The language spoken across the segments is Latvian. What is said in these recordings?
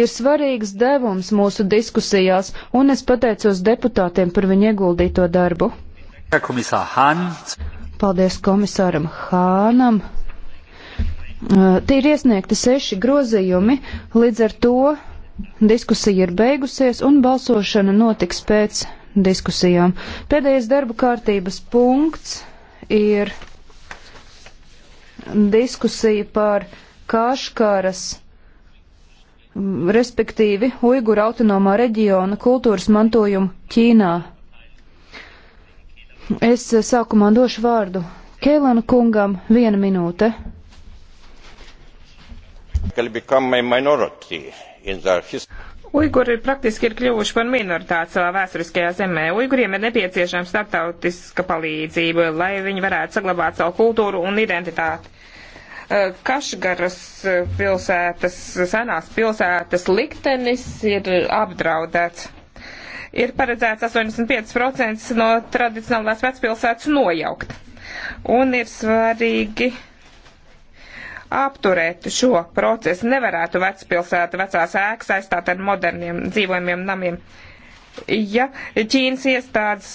ir svarīgs devums mūsu diskusijās, un es pateicos deputātiem par viņu ieguldīto darbu. Paldies komisāram Hānam. Tie ir iesniegti seši grozījumi, līdz ar to diskusija ir beigusies un balsošana notiks pēc diskusijām. Pēdējais darba kārtības punkts ir diskusija par Kāškāras Mm, respektīvi Uiguru autonomā reģiona kultūras mantojumu Ķīnā. Es eh, sākumā došu vārdu Kēlana kungam viena minūte. Uiguri praktiski ir kļuvuši par minoritāti savā vēsturiskajā zemē. Uiguriem ir nepieciešama starptautiska palīdzība, lai viņi varētu saglabāt savu kultūru un identitāti. Kašgaras pilsētas, senās pilsētas liktenis ir apdraudēts. Ir paredzēts 85% no tradicionālās vecpilsētas nojaukt. Un ir svarīgi apturēt šo procesu. Nevarētu vecpilsēta vecās ēkas aizstāt ar moderniem dzīvojumiem namiem. Ja Ķīnas iestādes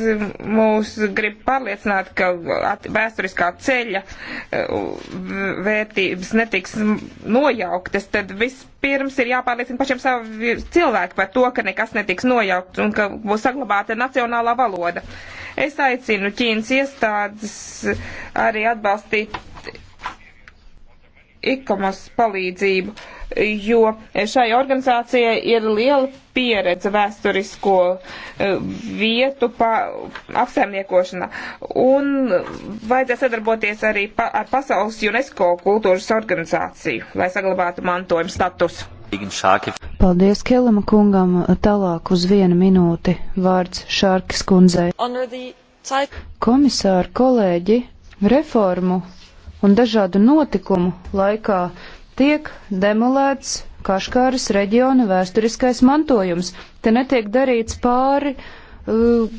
mūs grib pārliecināt, ka vēsturiskā ceļa vērtības netiks nojauktas, tad vispirms ir jāpārliecina pašiem savi cilvēki par to, ka nekas netiks nojaukts un ka būs saglabāta nacionālā valoda. Es aicinu Ķīnas iestādes arī atbalstīt ikomas palīdzību. Uh, jo šai organizācijai ir liela pieredze vēsturisko e, vietu pa apsaimniekošanā. Un vajadzēs sadarboties arī pa, ar Pasaules UNESCO kultūras organizāciju, lai saglabātu mantojuma statusu. Paldies Kelama kungam. Tālāk uz vienu minūti vārds Šārkas kundzei. Komisāri, kolēģi, reformu un dažādu notikumu laikā Tiek demolēts Kaškāras reģiona vēsturiskais mantojums. Te netiek darīts pāri uh,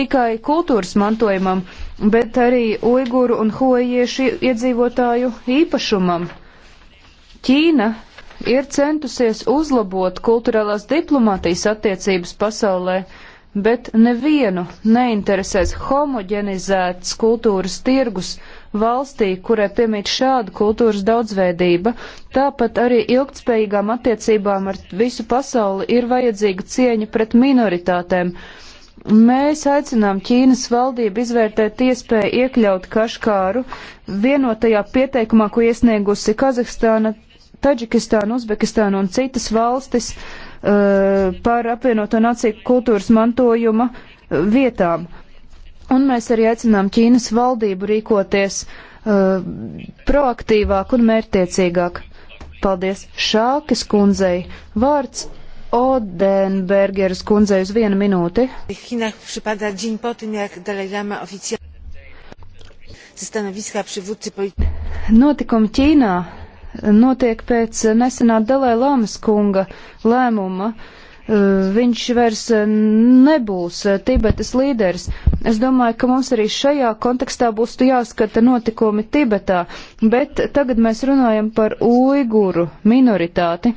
tikai kultūras mantojumam, bet arī uiguru un hojiešu iedzīvotāju īpašumam. Ķīna ir centusies uzlabot kulturālās diplomātijas attiecības pasaulē. Uh, bet nevienu neinteresēs homogenizēts kultūras tirgus valstī, kurai piemīt šāda kultūras daudzveidība, tāpat arī ilgtspējīgām attiecībām ar visu pasauli ir vajadzīga cieņa pret minoritātēm. Mēs aicinām Ķīnas valdību izvērtēt iespēju iekļaut Kaškāru vienotajā pieteikumā, ko iesniegusi Kazahstāna, Taģikistāna, Uzbekistāna un citas valstis. Uh, Eh, par apvienoto nāciju kultūras mantojuma vietām. Un mēs arī aicinām Ķīnas valdību rīkoties uh, proaktīvāk un mērtiecīgāk. Paldies Šākes kundzei. Vārds Odenbergeras kundzei uz vienu minūti. Notikumi Ķīnā notiek pēc nesenā Dalai Lamas kunga lēmuma. Uh, viņš vairs uh, nebūs uh, Tibetas līderis. Es domāju, ka mums arī šajā kontekstā būs jāskata notikumi Tibetā, bet tagad mēs runājam par uiguru minoritāti.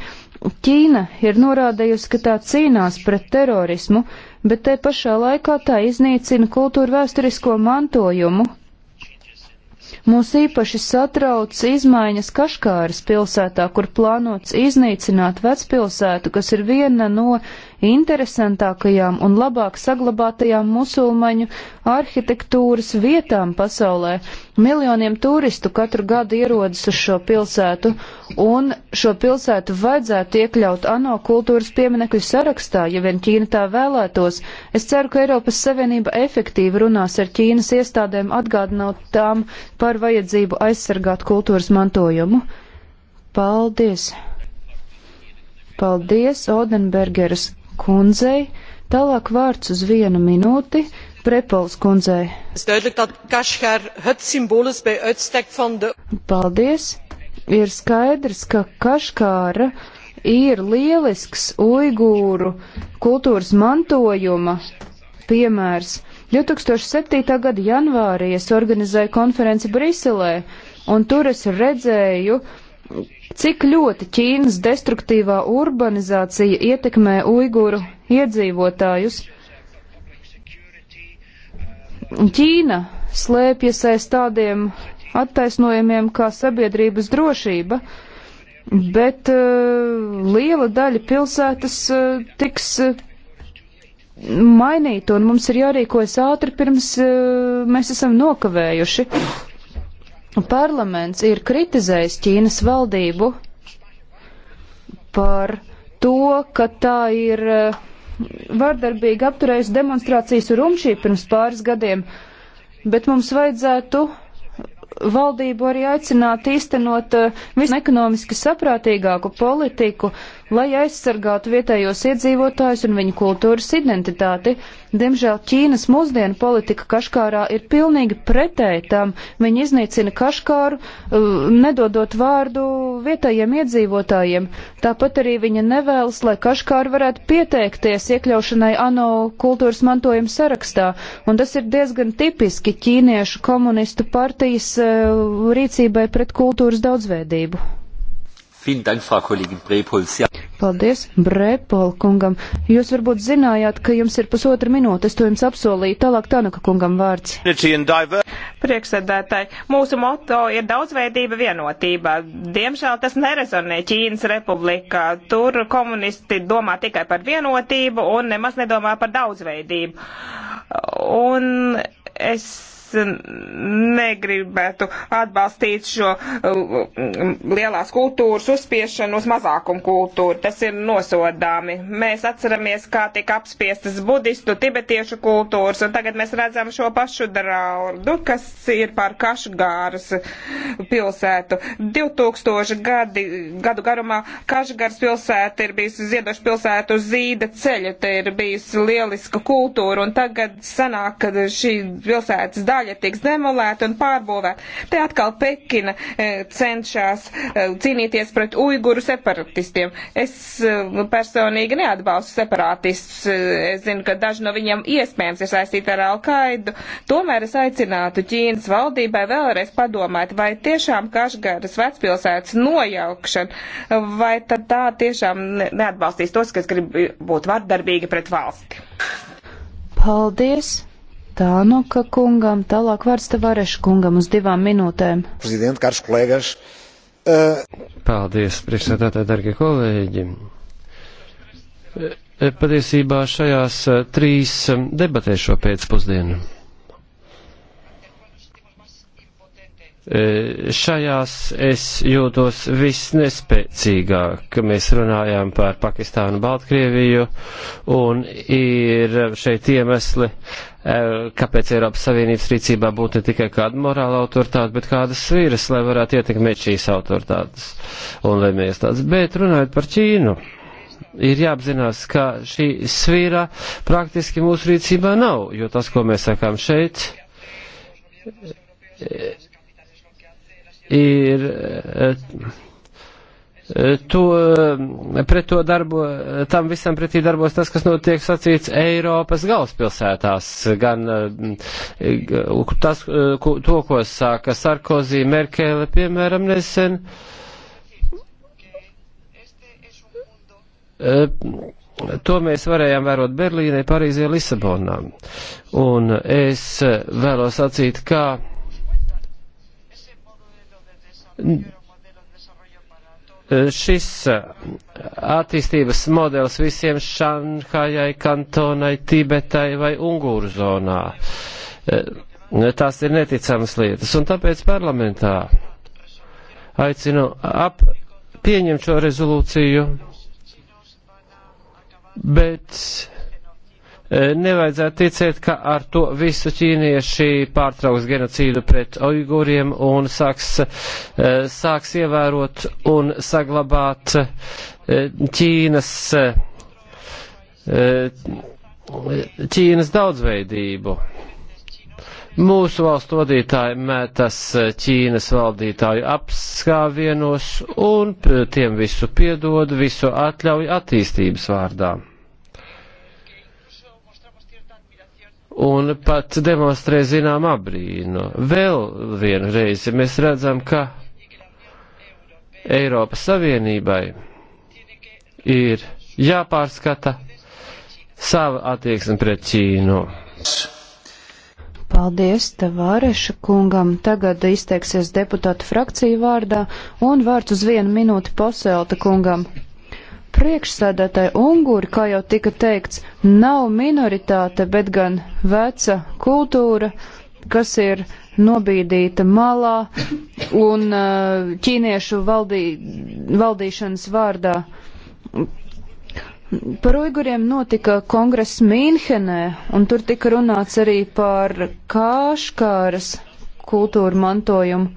Ķīna ir norādījusi, ka tā cīnās pret terorismu, bet te pašā laikā tā iznīcina kultūru vēsturisko mantojumu, Mūs īpaši satrauc izmaiņas Kaškāras pilsētā, kur plānots iznīcināt vecpilsētu, kas ir viena no interesantākajām un labāk saglabātajām musulmaņu arhitektūras vietām pasaulē. Miljoniem turistu katru gadu ierodas uz šo pilsētu, un šo pilsētu vajadzētu iekļaut ANO kultūras pieminekļu sarakstā, ja vien Ķīna tā vēlētos. Es ceru, ka Eiropas Savienība efektīvi runās ar Ķīnas iestādēm, atgādinot tām par vajadzību aizsargāt kultūras mantojumu. Paldies! Paldies Odenbergeras kundzei. Tālāk vārds uz vienu minūti Prepols kundzei. Paldies! Ir skaidrs, ka Kaškāra ir lielisks uigūru kultūras mantojuma piemērs. 2007. gada janvārī es organizēju konferenci Briselē, un tur es redzēju, uh, cik ļoti Ķīnas destruktīvā urbanizācija ietekmē uiguru iedzīvotājus. Ķīna slēpjas aiz tādiem attaisnojumiem kā sabiedrības drošība, bet uh, liela daļa pilsētas uh, tiks uh, mainīta, un mums ir jārīkojas ātri, pirms uh, mēs esam nokavējuši. Parlaments ir kritizējis Ķīnas valdību par to, ka tā ir eh, vardarbīgi apturējusi demonstrācijas Rumšī pirms pāris gadiem, bet mums vajadzētu valdību arī aicināt īstenot eh, visnekonomiski saprātīgāku politiku, lai aizsargātu vietējos iedzīvotājus un viņu kultūras identitāti. Diemžēl Ķīnas mūsdienu politika Kaškārā ir pilnīgi pretēji tam. Viņi iznīcina Kaškāru, uh, nedodot vārdu vietējiem iedzīvotājiem. Tāpat arī viņa nevēlas, lai Kaškāra varētu pieteikties iekļaušanai ANO kultūras mantojuma sarakstā. Un tas ir diezgan tipiski ķīniešu komunistu partijas uh, rīcībai pret kultūras daudzveidību. Paldies, Brēpol kungam. Jūs varbūt zinājāt, ka jums ir pusotra minūte, es to jums apsolīju. Tālāk Tanaka kungam vārds. Priekšsēdētāji, mūsu moto ir daudzveidība vienotībā. Diemžēl tas nerezonē Ķīnas republikā. Tur komunisti domā tikai par vienotību un nemaz nedomā par daudzveidību. Un es negribētu atbalstīt šo uh, lielās kultūras uzspiešanu uz mazākumu kultūru. Tas ir nosodāmi. Mēs atceramies, kā tika apspiestas budistu, tibetiešu kultūras, un tagad mēs redzam šo pašu draudu, kas ir pār Kašgāras pilsētu. 2000 gadi, gadu garumā Kašgāras pilsēta ir bijusi ziedoša pilsēta uz zīda ceļa, te ir bijusi lieliska kultūra, un tagad sanāk, ka šī pilsētas daļa tagad tiks demolēta un pārbūvēta. Te atkal Pekina eh, cenšas eh, cīnīties pret uiguru separatistiem. Es eh, personīgi neatbalstu separātistus. Es zinu, ka daži no viņiem iespējams ir saistīti ar Alkaidu. Tomēr es aicinātu Ķīnas valdībai vēlreiz padomāt, vai tiešām Kašgaras vecpilsētas nojaukšana, vai tad tā tiešām neatbalstīs tos, kas grib būt vardarbīgi pret valsti. Paldies! Tānoka kungam, tālāk vārds Tavareša kungam uz divām minūtēm. Prezident, karš kolēgas. Uh... Paldies, priekšsēdētāji, darbie kolēģi. Eh, eh, patiesībā šajās trīs debatēs šo pēcpusdienu E, šajās es jūtos visnespēcīgāk. Mēs runājām par Pakistānu, Baltkrieviju, un ir šeit iemesli, e, kāpēc Eiropas Savienības rīcībā būtu ne tikai kāda morāla autoritāte, bet kādas svīras, lai varētu ietekmēt šīs autoritātes un lēmējas tāds. Bet runājot par Ķīnu. Ir jāapzinās, ka šī svīra praktiski mūsu rīcībā nav, jo tas, ko mēs sakām šeit, ir eh, eh, to, eh, pret to darbo, tam visam pretī darbos tas, kas notiek sacīts Eiropas galvaspilsētās, gan tas, to, ko sāka Sarkozī, Merkele, piemēram, nesen. To mēs varējām vērot Berlīnē, Parīzē, Lisabonā. Un es vēlos sacīt, ka šis uh, attīstības modelis visiem Šanhajai, Kantonai, Tibetai vai Ungūru zonā. Uh, tās ir neticamas lietas, un tāpēc parlamentā aicinu ap pieņemt šo rezolūciju, bet Eh, nevajadzētu ticēt, ka ar to visu ķīnieši pārtrauks genocīdu pret uiguriem un sāks, eh, sāks ievērot un saglabāt eh, Ķīnas, Ķīnas daudzveidību. Mūsu valstu vadītāji mētas Ķīnas valdītāju apskāvienos un tiem visu piedod, visu atļauj attīstības vārdā. un pat demonstrē zinām abrīnu. Vēl vienu reizi mēs redzam, ka Eiropas Savienībai ir jāpārskata sava attieksme pret Ķīnu. Paldies Tavāreša kungam. Tagad izteiksies deputāta frakcija vārdā un vārds uz vienu minūti posēlta kungam. Priekšsēdētāji Unguri, kā jau tika teikts, nav minoritāte, bet gan veca kultūra, kas ir nobīdīta malā un eh, ķīniešu valdī, valdīšanas vārdā. Par uiguriem notika kongress Mīnhenē, un tur tika runāts arī par kāškāras kultūru mantojumu.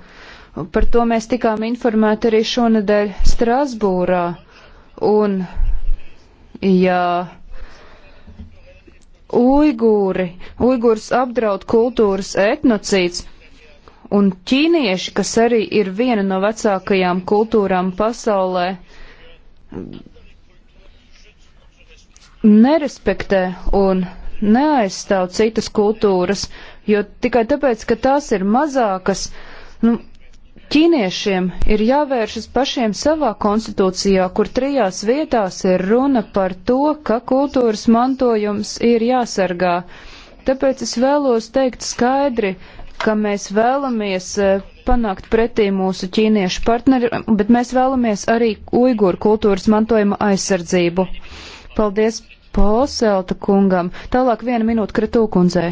Par to mēs tikām informēti arī šonadēļ Strasbūrā. Un, ja uigūri, uigūrs apdraud kultūras etnocīts, un ķīnieši, kas arī ir viena no vecākajām kultūrām pasaulē, nerespektē un neaizstāv citas kultūras, jo tikai tāpēc, ka tās ir mazākas, nu, Ķīniešiem ir jāvēršas pašiem savā konstitūcijā, kur trijās vietās ir runa par to, ka kultūras mantojums ir jāsargā. Tāpēc es vēlos teikt skaidri, ka mēs vēlamies eh, panākt pretī mūsu ķīniešu partneri, bet mēs vēlamies arī uiguru kultūras mantojuma aizsardzību. Paldies Polselta kungam. Tālāk viena minūte Kretūkundzei.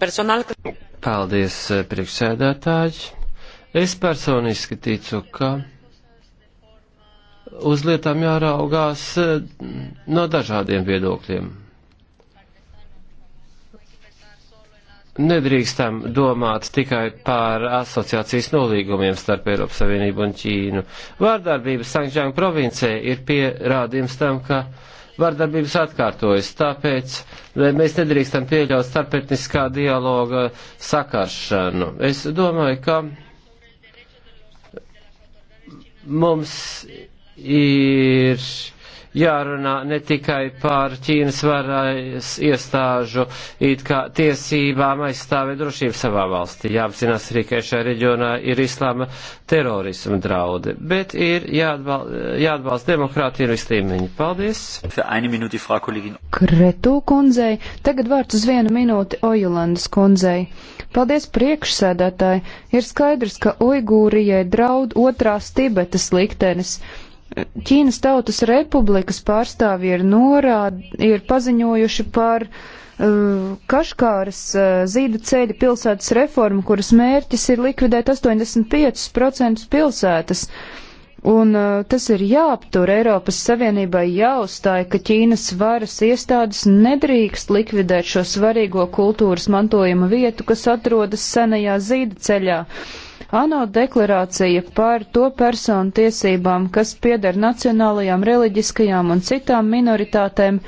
Personāli. Paldies, eh, priekšsēdētāji. Es personiski ticu, ka uz lietām jāraugās eh, no dažādiem viedokļiem. Nedrīkstam domāt tikai par asociācijas nolīgumiem starp Eiropas Savienību un Ķīnu. Vārdarbības Sankžāng provincē ir pierādījums tam, ka vārdarbības atkārtojas, tāpēc eh, mēs nedrīkstam pieļaut starpetniskā dialoga sakaršanu. Es domāju, ka Mums ir jārunā ne tikai par Ķīnas varas iestāžu it kā tiesībām aizstāvēt drošību savā valstī. Jāapzinās arī, ka šajā reģionā ir islāma terorisma draudi, bet ir jāatbal, jāatbalsta demokrātija un vislīmeņi. Paldies! Kretu kundzei, tagad vārds uz vienu minūti Ojulandas kundzei. Paldies priekšsēdētāji! Ir skaidrs, ka Uigūrijai draud otrās Tibetas liktenis. Ķīnas Tautas Republikas pārstāvji ir, norād, ir paziņojuši par uh, Kaškāras uh, zīda ceļa pilsētas reformu, kuras mērķis ir likvidēt 85% pilsētas. Un uh, tas ir jāaptur Eiropas Savienībai jāuzstāja, ka Ķīnas varas iestādes nedrīkst likvidēt šo svarīgo kultūras mantojuma vietu, kas atrodas senajā zīda ceļā. Uh, ANO deklarācija par to personu tiesībām, kas pieder nacionālajām, reliģiskajām un citām minoritātēm,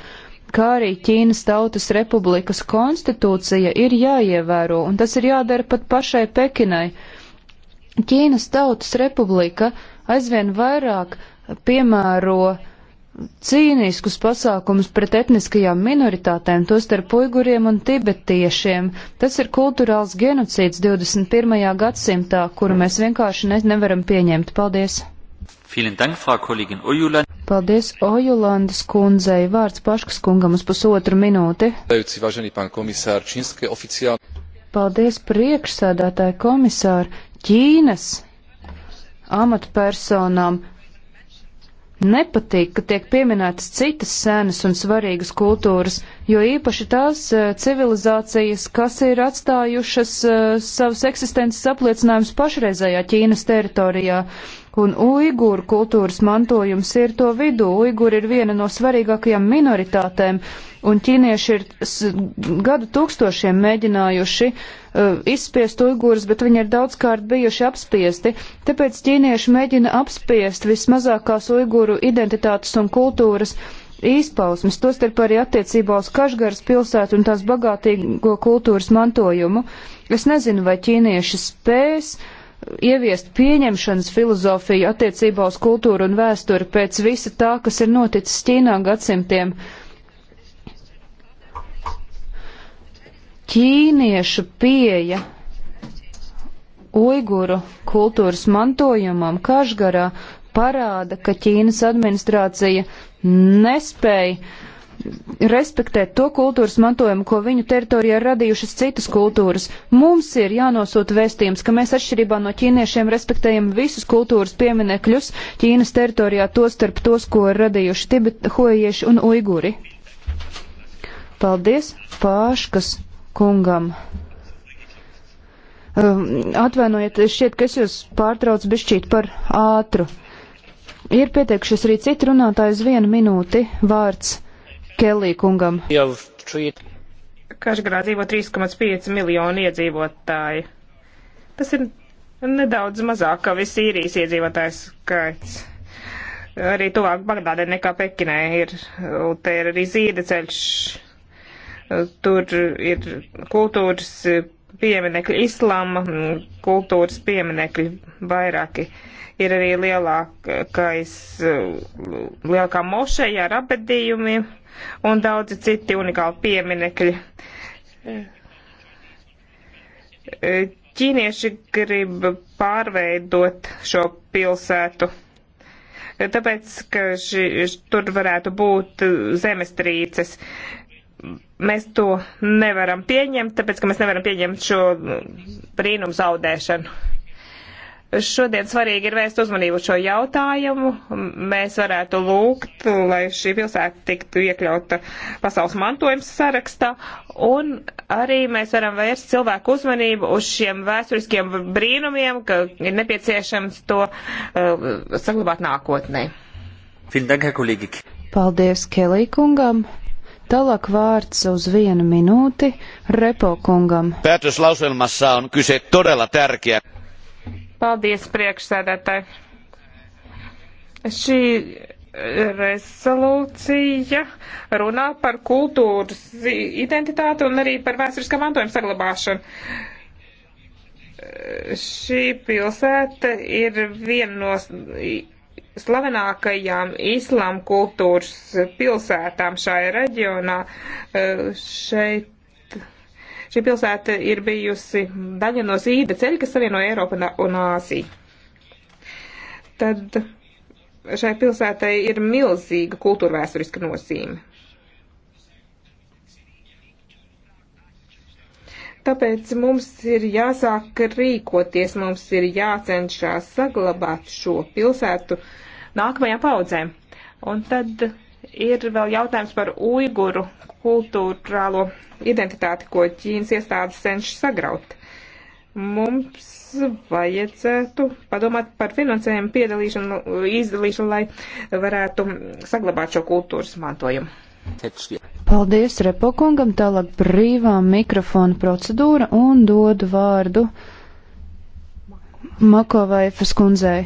kā arī Ķīnas Tautas Republikas konstitūcija ir jāievēro, un tas ir jādara pat pašai Pekinai. Ķīnas Tautas Republika aizvien vairāk piemēro uh, cīniskus pasākumus pret etniskajām minoritātēm, tostarp uiguriem un tibetiešiem. Tas ir kulturāls genocīds 21. gadsimtā, kuru mēs vienkārši ne nevaram pieņemt. Paldies! Paldies Ojulandes kundzei. Vārds Paškas kungam uz pusotru minūti. Paldies priekšsēdētāji komisāri. Ķīnas amatpersonām nepatīk, ka tiek pieminētas citas sēnas un svarīgas kultūras, jo īpaši tās eh, civilizācijas, kas ir atstājušas eh, savus eksistences apliecinājumus pašreizējā Ķīnas teritorijā un uiguru kultūras mantojums ir to vidū. Uiguri ir viena no svarīgākajām minoritātēm, un ķīnieši ir gadu tūkstošiem mēģinājuši uh, izspiest uigurus, bet viņi ir daudzkārt bijuši apspiesti. Tāpēc ķīnieši mēģina apspiest vismazākās uiguru identitātes un kultūras īspausmes, tostarp arī attiecībā uz Kažgaras pilsētu un tās bagātīgo kultūras mantojumu. Es nezinu, vai ķīnieši spēs uh, ieviest pieņemšanas filozofiju attiecībā uz kultūru un vēsturi pēc visa tā, kas ir noticis Ķīnā gadsimtiem. Ķīniešu pieeja uiguru kultūras mantojumam Kažgarā parāda, ka Ķīnas administrācija nespēja respektēt to kultūras mantojumu, ko viņu teritorijā radījušas citas kultūras. Mums ir jānosūta vēstījums, ka mēs atšķirībā no ķīniešiem respektējam visus kultūras pieminekļus Ķīnas teritorijā, to starp tos, ko ir radījuši Tibet, hojieši un uiguri. Paldies Pāškas kungam. Um, atvainojiet, šķiet, ka es jūs pārtraucu bišķīt par ātru. Ir pieteikušies arī citi runātāji uz vienu minūti vārds. Kellī kungam. Kašgarā dzīvo 3,5 miljoni iedzīvotāji. Tas ir nedaudz mazāk kā viss īrijas iedzīvotājs skaits. Arī tuvāk Bagdādē nekā Pekinē ir, un te ir arī zīda ceļš. Tur ir kultūras pieminekļi, islāma kultūras pieminekļi vairāki. Ir arī lielākais, lielākā mošeja ar apbedījumiem un daudzi citi unikāli pieminekļi. Ķīnieši grib pārveidot šo pilsētu, tāpēc, ka ši, tur varētu būt zemestrīces. Mēs to nevaram pieņemt, tāpēc, ka mēs nevaram pieņemt šo brīnumu zaudēšanu. Šodien svarīgi ir vērst uzmanību šo jautājumu. Mēs varētu lūgt, lai šī pilsēta tiktu iekļauta pasaules mantojuma sarakstā, un arī mēs varam vērst cilvēku uzmanību uz šiem vēsturiskiem brīnumiem, ka ir nepieciešams to uh, saglabāt nākotnē. Paldies Kelī kungam! Tālāk vārds uz vienu minūti Repo kungam. Päätöslauselmassa on kyse todella tärkeä. Paldies, priekšsēdētāji. Šī rezolūcija runā par kultūras identitāti un arī par vēsturiskā mantojuma saglabāšanu. Šī pilsēta ir viena no slavenākajām islām kultūras pilsētām šajā reģionā. Šeit Šī pilsēta ir bijusi daļa no zīda ceļa, kas savieno Eiropu un Āziju. Tad šai pilsētai ir milzīga kultūrvēsturiska nozīme. Tāpēc mums ir jāsāk rīkoties, mums ir jācenšas saglabāt šo pilsētu nākamajām paudzēm. Un tad ir vēl jautājums par uiguru kultūrālo identitāti, ko Ķīnas iestādes cenšas sagraut. Mums vajadzētu padomāt par finansējumu piedalīšanu, izdalīšanu, lai varētu saglabāt šo kultūras mantojumu. Paldies Repokungam, tālāk brīvā mikrofona procedūra un dodu vārdu Makovaifas kundzei.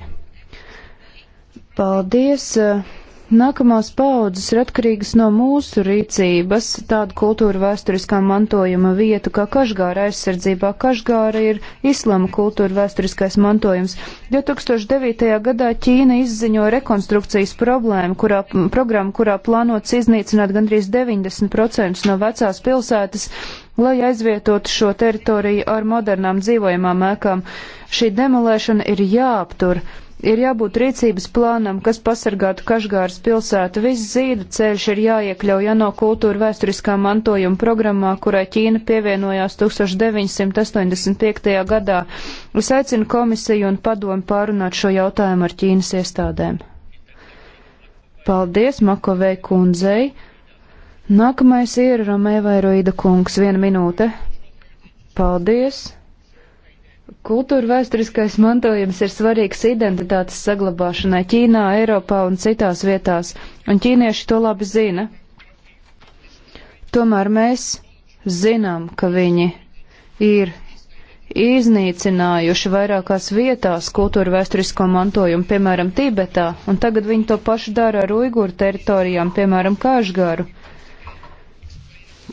Paldies. Uh, Nākamās paudzes ir atkarīgas no mūsu rīcības, tādu kultūru vēsturiskā mantojuma vietu kā Kažgāra aizsardzībā. Kažgāra ir islama kultūra vēsturiskais mantojums. 2009. gadā Ķīna izziņoja rekonstrukcijas problēmu, kurā, programmu, kurā plānots iznīcināt gandrīz 90% no vecās pilsētas, lai aizvietotu šo teritoriju ar modernām dzīvojamām ēkām. Šī demolēšana ir jāaptur. Ir jābūt rīcības plānam, kas pasargātu Kažgāras pilsētu. Viss zīda ceļš ir jāiekļauj ANO kultūra vēsturiskā mantojuma programmā, kurai Ķīna pievienojās 1985. gadā. Es aicinu komisiju un padomu pārunāt šo jautājumu ar Ķīnas iestādēm. Paldies Makovei kundzei. Nākamais ir Romēva Eroida kungs. Viena minūte. Paldies. Kultūra vēsturiskais mantojums ir svarīgs identitātes saglabāšanai Ķīnā, Eiropā un citās vietās, un ķīnieši to labi zina. Tomēr mēs zinām, ka viņi ir iznīcinājuši vairākās vietās kultūra vēsturisko mantojumu, piemēram, Tibetā, un tagad viņi to pašu dara ar Uiguru teritorijām, piemēram, Kāžgāru.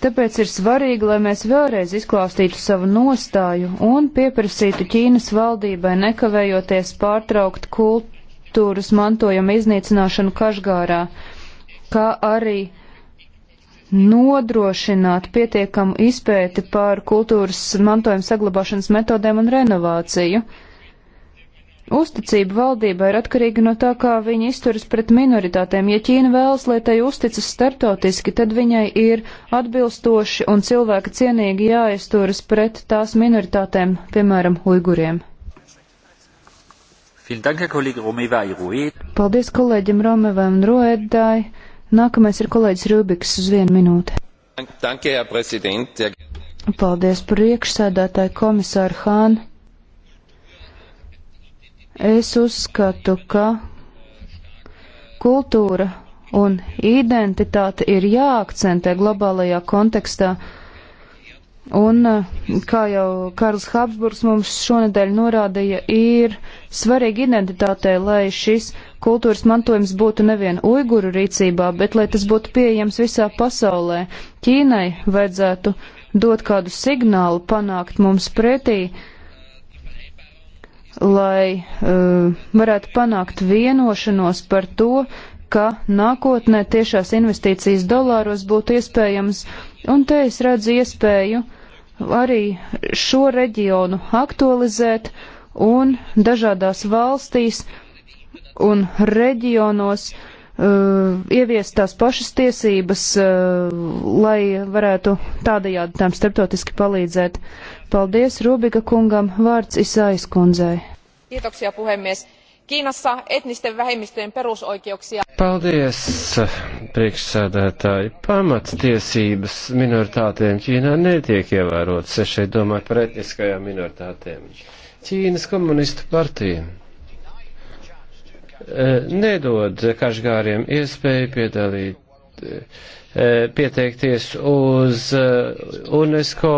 Tāpēc ir svarīgi, lai mēs vēlreiz izklāstītu savu nostāju un pieprasītu Ķīnas valdībai nekavējoties pārtraukt kultūras mantojuma iznīcināšanu Kažgārā, kā arī nodrošināt pietiekamu izpēti pār kultūras mantojuma saglabāšanas metodēm un renovāciju. Uzticība valdībai ir atkarīga no tā, kā viņi izturas pret minoritātēm. Ja Ķīna vēlas, lai tai uzticas startautiski, tad viņai ir atbilstoši un cilvēka cienīgi jāizturas pret tās minoritātēm, piemēram, uiguriem. Paldies kolēģim Romevam un Roedai. Nākamais ir kolēģis Rubiks uz vienu minūti. Paldies par priekšsēdētāju komisāru Hānu. Es uzskatu, ka kultūra un identitāte ir jāakcentē globālajā kontekstā. Un, eh, kā jau Karls Habsburgs mums šonadēļ norādīja, ir svarīgi identitātei, lai šis kultūras mantojums būtu nevien uiguru rīcībā, bet lai tas būtu pieejams visā pasaulē. Ķīnai vajadzētu dot kādu signālu, panākt mums pretī, uh, lai uh, varētu panākt vienošanos par to, ka nākotnē tiešās investīcijas dolāros būtu iespējams, un te es redzu iespēju arī šo reģionu aktualizēt un dažādās valstīs un reģionos uh, Uh, ieviest tās pašas tiesības, uh, lai varētu tādajādi tām starptautiski palīdzēt. Paldies Rubika kungam, vārds Isais kundzei. Kiitoksia puhemies. Kiinassa etnisten vähemmistöjen perusoikeuksia. Paldies, priekšsēdētāji. Pamatstiesības minoritātēm Ķīnā netiek ievērotas. Es šeit domāju par etniskajām minoritātēm. Ķīnas komunistu partija Eh, nedod kažgāriem iespēju piedalīt, eh, pieteikties uz eh, UNESCO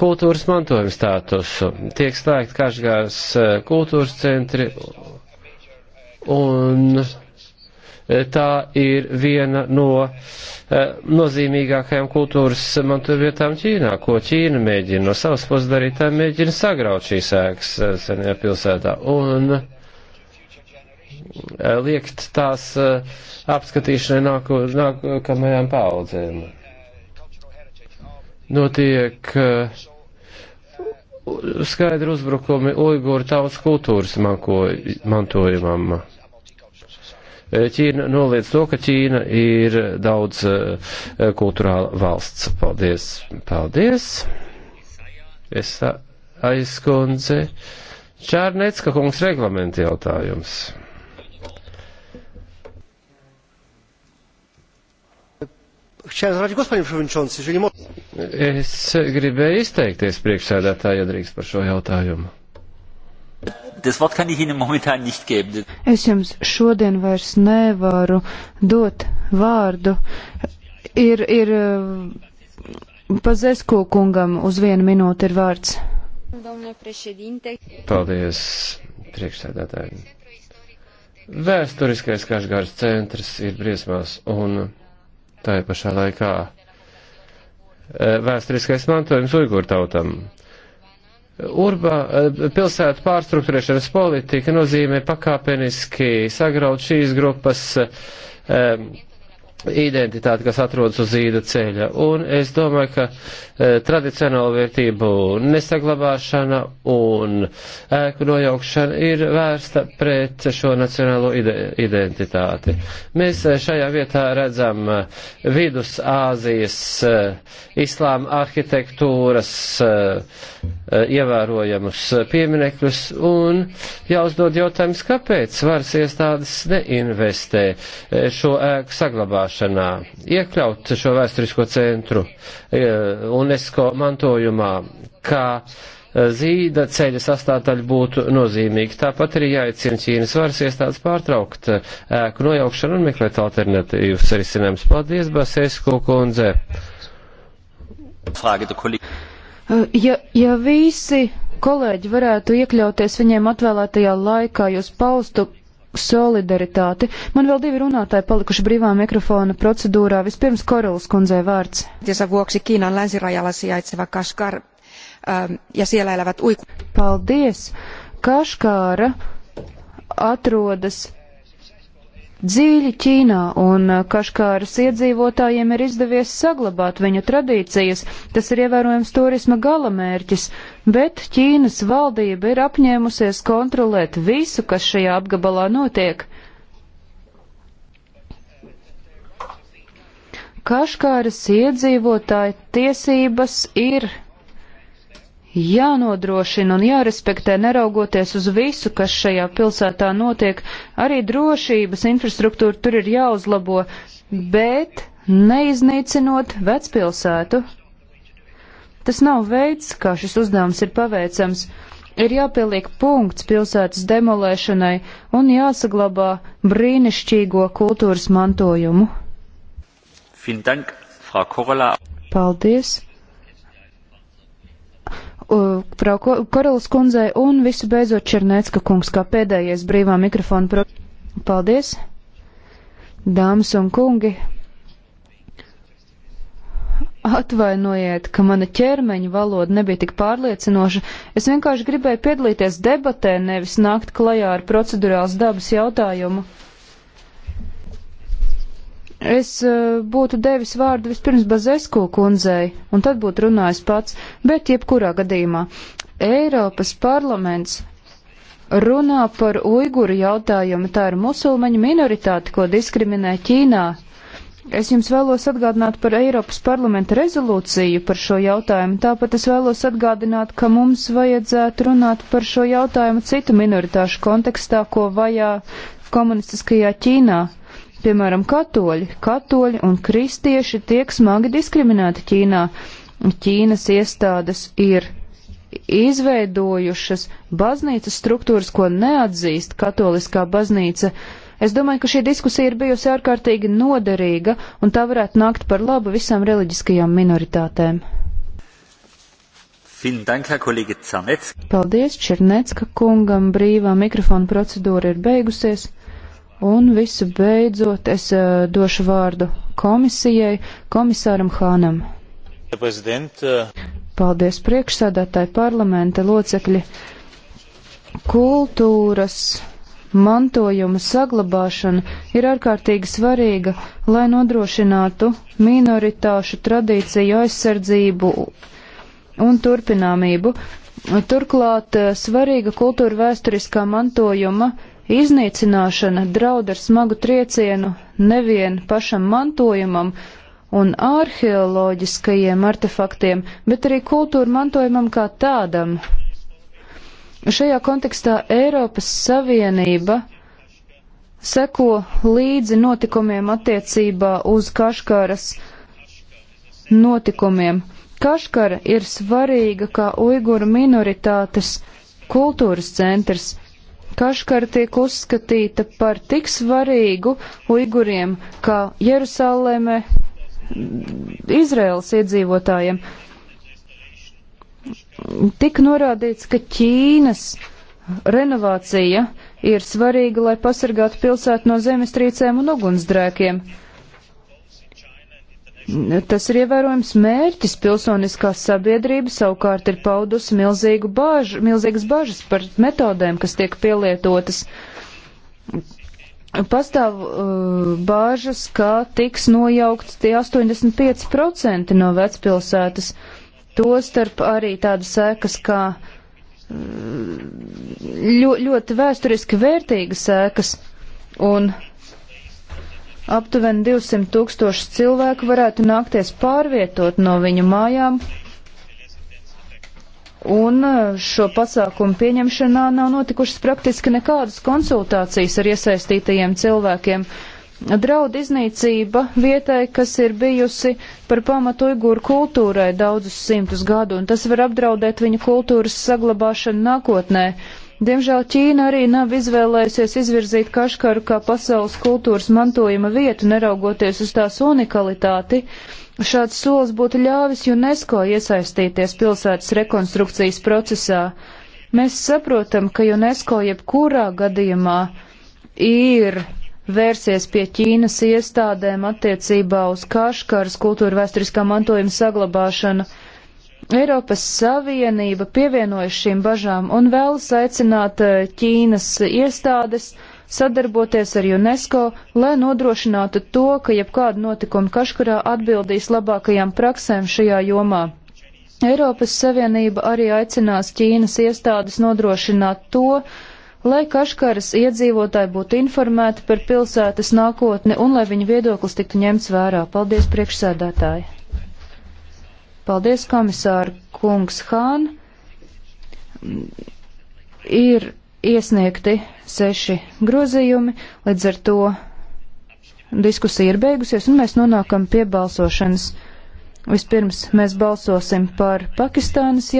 kultūras mantojuma statusu. Tiek slēgt kažgārs kultūras centri un tā ir viena no nozīmīgākajām kultūras mantojuma vietām Ķīnā, ko Ķīna mēģina no savas puses darīt, tā mēģina sagraut šīs ēkas senajā pilsētā. Un, uh, Eh, liekt tās eh, apskatīšanai nāko, nākamajām paudzēm. Notiek eh, skaidri uzbrukumi uiguru tautas kultūras manko, mantojumam. Ķīna noliedz to, ka Ķīna ir daudz kultūrāla valsts. Paldies! Paldies! Es aizskundze. Čārnecka kungs reglamenta jautājums. Es gribēju izteikties priekšsēdētāji, ja drīkst par šo jautājumu. Es jums šodien vairs nevaru dot vārdu. Ir, ir Pazesko kungam uz vienu minūti ir vārds. Paldies, priekšsēdētāji. Vēsturiskais Kašgāras centrs ir briesmās un tā ir pašā laikā e, vēsturiskais mantojums Uiguru tautam. Urba e, pilsētu pārstruktūrēšanas politika nozīmē pakāpeniski sagraut šīs grupas um, identitāti, kas atrodas uz zīda ceļa. Un es domāju, ka e, tradicionāla vērtību nesaglabāšana un ēku nojaukšana ir vērsta pret šo nacionālo ide identitāti. Mēs e, šajā vietā redzam e, vidus Āzijas e, islāma arhitektūras e, e, ievērojamus pieminekļus un jāuzdod jautājums, kāpēc varas iestādes neinvestē e, šo ēku saglabāšanu saglabāšanā, iekļaut šo vēsturisko centru e, UNESCO mantojumā, kā e, zīda ceļa sastāvdaļa būtu nozīmīga. Tāpat arī jāicina Ķīnas varas iestādes pārtraukt e, ēku nojaukšanu un meklēt alternatīvas risinājumus. Paldies, Basēsku kundze! Ja, ja visi kolēģi varētu iekļauties viņiem atvēlētajā laikā, jūs paustu solidaritāti. Man vēl divi runātāji palikuši brīvā mikrofona procedūrā. Vispirms Korelas kundzē vārds. Tiesa vuoksi Kiinan länsirajalla sijaitseva Kaškar ähm, ja siellä elävät uiku. Paldies! Kaškāra atrodas Dzīvi Ķīnā un eh, Kaškāras iedzīvotājiem ir izdevies saglabāt viņu tradīcijas, tas ir ievērojams turisma galamērķis, bet Ķīnas valdība ir apņēmusies kontrolēt visu, kas šajā apgabalā notiek. Kaškāras iedzīvotāja tiesības ir jānodrošina un jārespektē, neraugoties uz visu, kas šajā pilsētā notiek. Arī drošības infrastruktūra tur ir jāuzlabo, bet neiznīcinot vecpilsētu. Tas nav veids, kā šis uzdevums ir paveicams. Ir jāpieliek punkts pilsētas demolēšanai un jāsaglabā brīnišķīgo kultūras mantojumu. Dank, Paldies! Frau Korelas kundzei un visu beidzot Černēcka kungs kā pēdējais brīvā mikrofona. Pro... Paldies, dāmas un kungi. Atvainojiet, ka mana ķermeņa valoda nebija tik pārliecinoša. Es vienkārši gribēju piedalīties debatē, nevis nākt klajā ar procedurāls dabas jautājumu. Es eh, būtu devis vārdu vispirms Bazesku kundzei, un tad būtu runājis pats, bet jebkurā gadījumā Eiropas parlaments runā par uiguru jautājumu. Tā ir musulmaņu minoritāte, ko diskriminē Ķīnā. Es jums vēlos atgādināt par Eiropas parlamenta rezolūciju par šo jautājumu, tāpat es vēlos atgādināt, ka mums vajadzētu runāt par šo jautājumu citu minoritāšu kontekstā, ko vajā komunistiskajā Ķīnā. Piemēram, katoļi, katoļi un kristieši tiek smagi diskriminēti Ķīnā. Ķīnas iestādes ir izveidojušas baznīcas struktūras, ko neatzīst katoliskā baznīca. Es domāju, ka šī diskusija ir bijusi ārkārtīgi noderīga, un tā varētu nākt par labu visām reliģiskajām minoritātēm. Paldies Černecka kungam, brīvā mikrofona procedūra ir beigusies. Un visu beidzot es uh, došu vārdu komisijai, komisāram Hānam. Äh, Paldies priekšsēdētāji parlamenta locekļi. Kultūras mantojuma saglabāšana ir ārkārtīgi svarīga, lai nodrošinātu minoritāšu tradīciju aizsardzību un turpināmību. Turklāt eh, svarīga kultūra vēsturiskā mantojuma Iznīcināšana draud ar smagu triecienu nevien pašam mantojumam un arheoloģiskajiem artefaktiem, bet arī kultūra mantojumam kā tādam. Šajā kontekstā Eiropas Savienība seko līdzi notikumiem attiecībā uz Kaškaras notikumiem. Kaškara ir svarīga kā uiguru minoritātes kultūras centrs. Kaškar tiek uzskatīta par tik svarīgu uiguriem, kā Jerusaleme Izraels iedzīvotājiem. Tik norādīts, ka Ķīnas renovācija ir svarīga, lai pasargātu pilsētu no zemestrīcēm un ugunsdrēkiem. Tas ir ievērojams mērķis. Pilsoniskā sabiedrība savukārt ir paudusi milzīgu bāžu, milzīgas bažas par metodēm, kas tiek pielietotas. Pastāv uh, bāžas, ka tiks nojaukts tie 85% no vecpilsētas, tostarp arī tādas sēkas kā uh, ļo, ļoti vēsturiski vērtīgas sēkas. Un aptuveni 200 tūkstoši cilvēku varētu nākties pārvietot no viņu mājām, un uh, šo pasākumu pieņemšanā nav notikušas praktiski nekādas konsultācijas ar iesaistītajiem cilvēkiem. Draud iznīcība vietai, kas ir bijusi par pamatu uiguru kultūrai daudzus simtus gadu, un tas var apdraudēt viņa kultūras saglabāšanu nākotnē. Diemžēl Ķīna arī nav izvēlējusies izvirzīt Kaškaru kā pasaules kultūras mantojuma vietu, neraugoties uz tās unikalitāti. Šāds solis būtu ļāvis UNESCO iesaistīties pilsētas rekonstrukcijas procesā. Mēs saprotam, ka UNESCO jebkurā gadījumā ir vērsies pie Ķīnas iestādēm attiecībā uz Kaškaras kultūra vēsturiskā mantojuma saglabāšanu. Eiropas Savienība pievienojas šīm bažām un vēlas aicināt eh, Ķīnas iestādes sadarboties ar UNESCO, lai nodrošinātu to, ka jebkāda notikuma Kaškarā atbildīs labākajām praksēm šajā jomā. Eiropas Savienība arī aicinās Ķīnas iestādes nodrošināt to, lai Kaškaras iedzīvotāji būtu informēti par pilsētas nākotni un lai viņu viedoklis tiktu ņemts vērā. Paldies, priekšsēdētāji! Paldies, komisāra kungs Hān. Ir iesniegti seši grozījumi, līdz ar to diskusija ir beigusies un mēs nonākam pie balsošanas. Vispirms mēs balsosim par Pakistānas jautājumu.